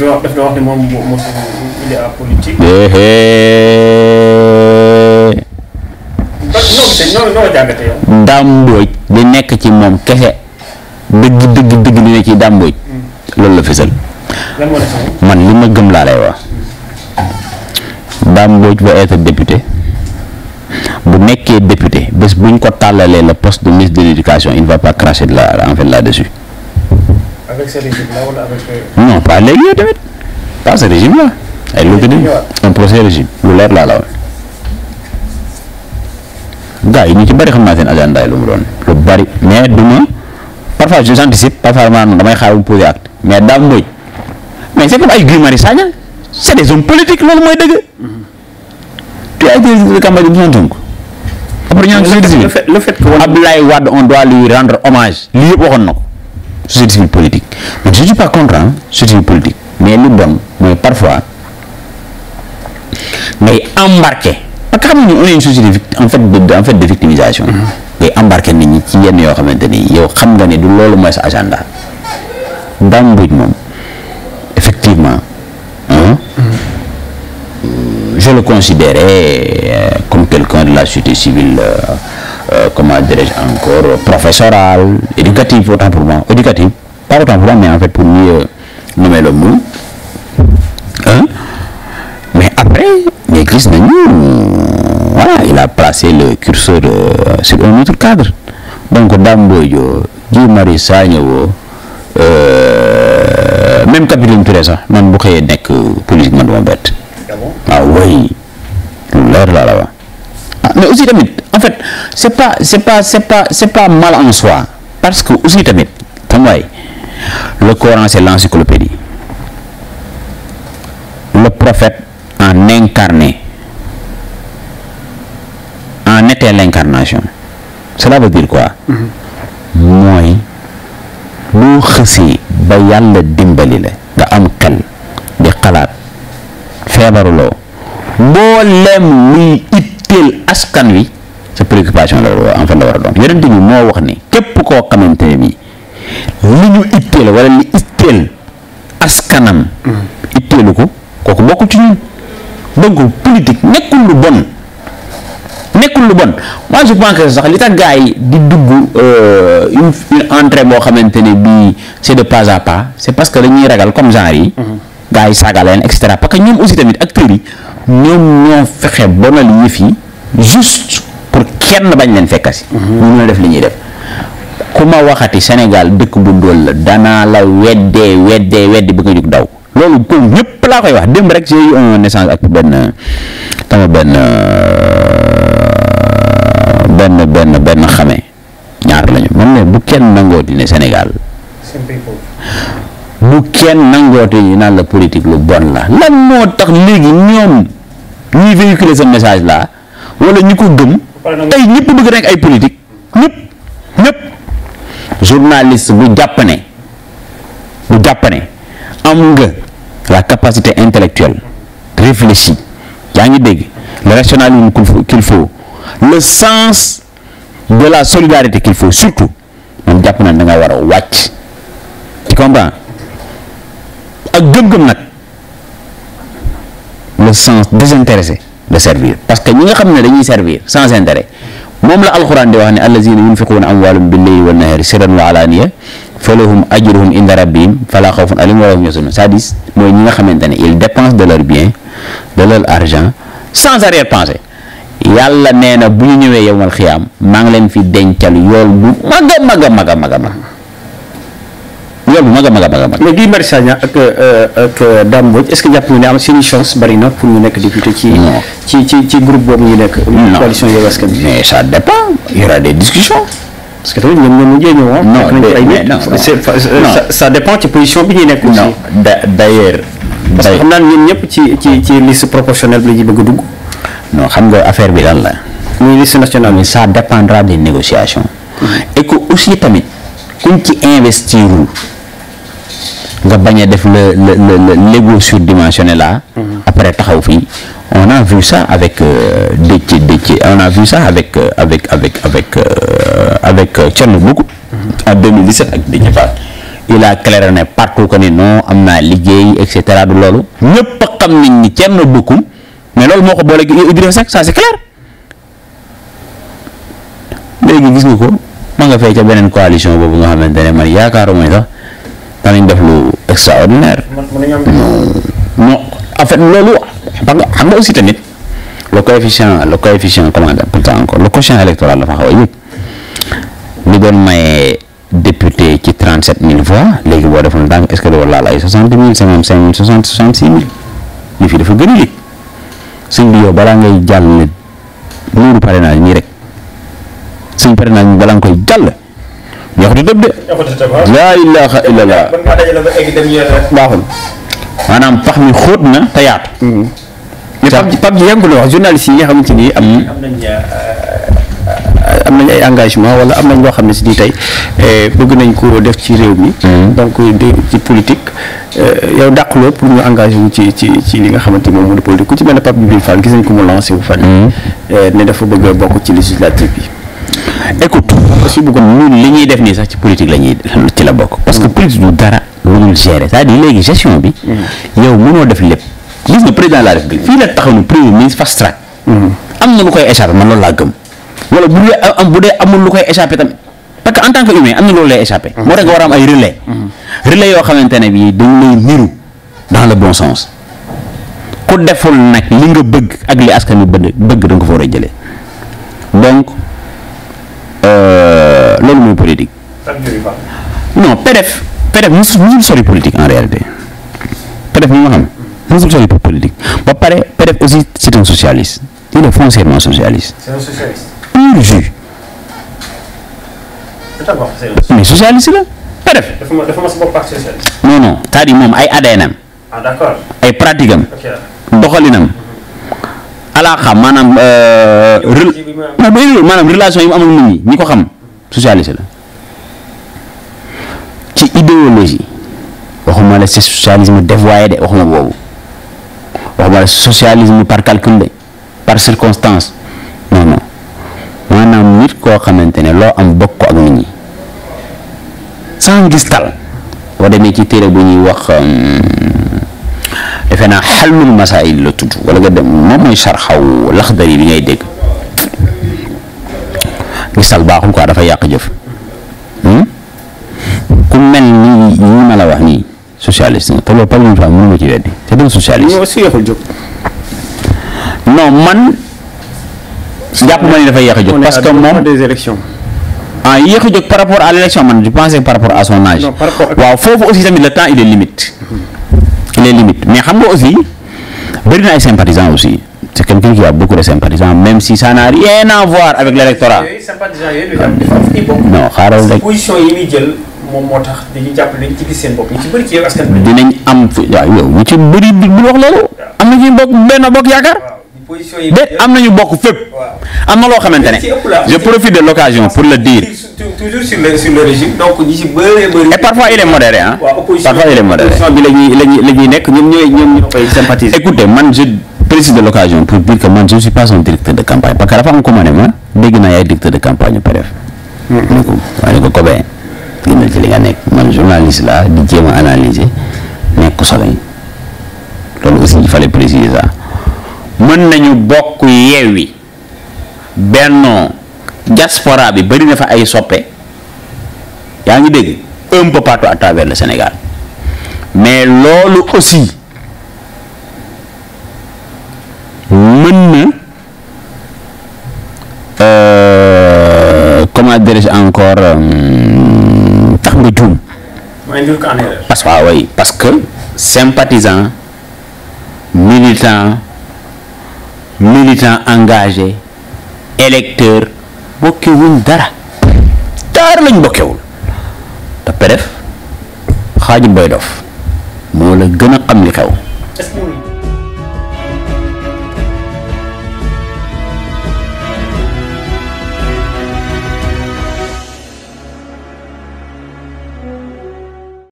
dafa wax moom moo il est li nekk ci moom kese dëgg dëgg dëgg li ne ci Dame hmm. loolu la fësal man li ma gëm laa lay wax Dame Mbodj va député bu nekkee député bés buñ ko tàllalee le poste de ministre de l'éducation il ne va pas cracher de la en fait là-dessus avec ce régime là léegi yooyu tamit pas ce régime là. ay lu gën a procès régime lu leer laa la woon. gars yi ñu ci bari xam naa seen agenda yi lu mu doon lu bëri mais du parfois je parfois damay xaar mu poser acte mais daam mooy mais c'est comme ay Guy Marius Sagna c'est des hommes politiques loolu mooy dëgg. tu as été le campagne de Ousmane Sonko. après ñu naan le fait le on doit lui rendre hommage lii yëpp waxoon na ko. société civile politique man je suis pas contre ah société civile politique mais lu bon mooy parfois ngay embarqué parce que xam nga on est une société en fait de en fait de victimisation. ngay mm-hmm. embarqué nit ñi ci yenn yoo xamante ni yow xam nga ne du loolu mooy sa agenda Dame Mbodj moom effectivement. Mm-hmm. je le considérais euh, comme quelqu'un de la société civile. Euh, Euh, comment dirais-je encore professorale éducative autant pour moi éducative pas autant pour moi mais en fait pour mieux euh, nommer le mot hein mais après mais gis nañu voilà il a placé le curseur euh, sur un autre cadre donc Dame Mbodj Guy Marius Sagna même Capitaine Touré sax man bu xëyee nekk politique man dama bett. ah, ah oui lu leer laa la wax. mais aussi tamit en fait c'est pas c'est pas c'est pas c'est pas mal en soi parce que aussi tamit xam waay le Coran c'est l'encyclopédie le prophète en incarné en était l'incarnation cela veut dire quoi mooy loo xësee ba yàlla dimbali la nga am xel di xalaat feebaruloo mbooleem luy it yitteel askan wi sa préoccupation la en fait la doon yonent bi moo wax ni képp koo xamante ne nii li ñu itteel wala li itteel askanam mm. itteelu ko kooku bokkul ci ñun donc politique nekkul lu bon nekkul lu bon moi je pense sax li tax gars yi di dugg euh, une entrée boo xamante ne bii c'est de pas à pas c'est parce que dañuy ragal comme genre yi mm-hmm. gars yi saaga leen et que ñoom aussi tamit acteurs yi ñoom ñoo fexe bonal yëf yi juste pour kenn bañ leen fekkasi mhm. ñu mën def li ñuy def ku ma waxati Sénégal dëkk bu ndóol la danaa la weddee weddee weddi ba nga jóg daw loolu ko ñëpp laa koy wax démb rek j'ai eu un échange ak benn benn benn benn benn xame ñaar lañu man ne bu kenn nangoo di ne Sénégal bu kenn nangoote yi naan la politique lu bon la lan moo tax léegi ñoom ñuy véhiculer ce message la wala ñu ko gëm tey ñëpp bëgg nekk ay politique ñëpp ñëpp journaliste bu jàpp ne bu jàpp ne am nga la capacité intellectuelle réfléchie yaa ngi dégg le rationalisme qu'il faut sens de la solidarité qu'il faut surtout moom jàpp na da nga war a wàcc ak gëm-gëm nag le sens désintéressé de servir parce que ñi nga xam ne dañuy servir sans intérêt moom la alxuraan di wax ne allazina yunfiquuna amwaalum billeyli wa nahaari sirran wa alaaniya fa lahum ajruhum inda rabbihim fala xawfun alayhim wa lahum yahzanun c'est-à-dire mooy ñi nga xamante ne ils dépensent de leur bien de leur argent sans arrière-pensée yàlla nee na bu ñu ñëwee yowmal xiyaam maa ngi leen fi dencal yool bu mag a mag a doole bu mag a mag a mag. mais Guy Marius Sagna ak euh, ak euh, Dame Mbodj est-ce que jàpp nga ne am seen chance bari na pour ñu nekk député ci ci ci ci groupe boobu ñu nekk. coalition Yewwi Askan Wi. mais ça dépend il y aura des discussions. parce que tamit ñoom ñoom mujjee ñëw ah. non mais non non euh, ça dépend ci position bi ñuy nekk. aussi non d'ailleurs. parce que xam naa ñun ñëpp ci ci ci liste proportionnelle bi la ñuy bëgg a dugg. non xam nga affaire bi lan la. muy liste nationale bi ça dépendra des négociations. et que aussi tamit kuñ ci investirul nga bañ a def la le le l'ego surdimensionné là. Mhm. après taxaw fii on a vu ça avec euh, Déthié Déthié on a vu ça avec euh, avec avec avec euh, avec Thierno Bocoum. Mhm. en 2017 ak Déthié Fall. il a clairé ne partout que ni non am naa liggéey et du loolu. ñëpp a xam nañ ni Thierno Bocoum mais loolu moo ko boole Idrissa Seck ça c'est clair. léegi gis nga ko ma nga fay ca beneen coalition boobu nga xamante ne man yaakaaruma sax. danañ def lu extraordinaire. Mm. non en fait loolu xam nga nga aussi tamit le coefficient le coefficient comment dire pourtant encore le coefficient électoral dafa xaw a yëg li doon maye député ci trente sept mille fois léegi boo defoon ndànk est doo laal ay soixante mille cinquante cinq mille soixante soixante six mille li fi dafa gën a yëg sëñ bi yow balaa ngay jàll nuuru naa nii rek suñ parrainage balaa nga koy jàll. yaxutu tëb de. laa ilaaha illallah. baaxul. maanaam pax mi xóot na te yaatu. ca mm-hmm. mais Pape ji yaa ngi ko wax journaliste yi nga xamante ni am nañ am nañ ay engagement wala am nañ loo xam ne si ni tey eh, bëgg nañ ko def ci réew mi. Mm-hmm. donc ci politique eh, yow dàqloo pour ñu engagé ci ci ci li nga xamante ni moom moo di ku ci mel ne Pape Djibril Fall gis nañ ko mu lancé wu fan. Mm-hmm. Eh, ne dafa bëgg bokk ci législative bi. écoute su bëggoon ñun def nii sax ci politique la ñuy ci la bokk. parce que mm. politique du dara lu dul gérer c'est-à-dire léegi gestion bi. Mm. yow mënoo def lépp. gis nga président de la république fii la taxaw ni premier ministre fast mm. am na lu koy échappé man loolu laa gëm. wala bu dee amul lu koy échappé tamit parce que en tant que humain am na loolu lay échappé. moo tax nga ay relais. relais yoo xamante ne bii dañu lay niru dans le bon sens. ku deful nag li nga bëgg ak li askan wi bëgg bëgg da nga a jëlee loolu mooy politique. non PDEF. PDEF mosul mosul sori politique en réalité PDEF mi nga xam mosul sori politique ba pare PDEF aussi c' est un socialiste il est foncièrement socialiste. c' est un socialiste. pur jus. la PDEF. dafa ma dafa ma moom ay ADN-am. ah d' accord ay pratique am. doxalinam. Euh, maanaam. relation yi mu amal nit ñi ñi ko xam. socialiste la ci idéologie waxuma la c'est socialisme dévoyé de waxuma boobu waxuma la socialisme par calcul de par circonstance non non maanaam nit koo xamante ne loo am bokk ko ak nit ñi sans gis tal boo demee ci téere bu ñuy wax euh, defe naa xalul masail la tudd wala nga dem moom mooy sarxaw laxdari bi ngay dégg ngistal baaxul quoi dafa yàq jëf hmm? ku mel ni ñi ma la wax nii socialiste nga te loolu par exemple mënu ma ci weddi te dëgg socialiste. ñoo aussi yéexul jóg. non man. jàpp ma ni dafa yéex a jóg parce que moom des élections. ah yéex a jóg par rapport à l' man je pensais par rapport à son âge. waaw foofu aussi tamit le temps il est limite. Mhm. il est limite mais xam nga aussi. bëri na ay aussi c'est quelqu'un qui a beaucoup de sympathisants même si ça n'a rien à voir avec l'électorat non xaaral rek position yi muy moom moo tax dañuy ñu ci bëri ci yow dinañ am waaw yow ñu ci bëri bu wax loolu am na ci bokk benn bokk yaakaar déet am nañu bokk fépp. am na loo xamante ne. je profite de l'occasion pour le dire. toujours sur le sur le régime donc ñi si bëree bëri. et parfois il est modéré ah. parfois il est modéré. bi la ñuy la ñuy la ñuy nekk ñoom ñooy ñoom ñoo koy sympathiser. écoutez man je précise de l'occasion pour dire que man je ne suis pas son directeur de campagne parce que dafa am ko ma ne ma dégg naa yaay directeur de campagne yu PDS. Mm-hmm. ne ko waaye ne ko Kobé génnal ci li nga nekk man journaliste la di jéem a analyser nekk solo yi loolu aussi il fallait préciser ça. mën nañu bokk yi bennoo gaspora bi bari na fa ay soppe yaa ngi dégg un peu partout à travers le Sénégal mais loolu aussi mën na euh, comment dirais encore euh, tax nga juum parce que waaw parce que sympathisant militant militant engagé électeur bokkewuñ dara dara lañ bokkewul te PDEF xaaju Mbaye Dof moo la gën a xam li xew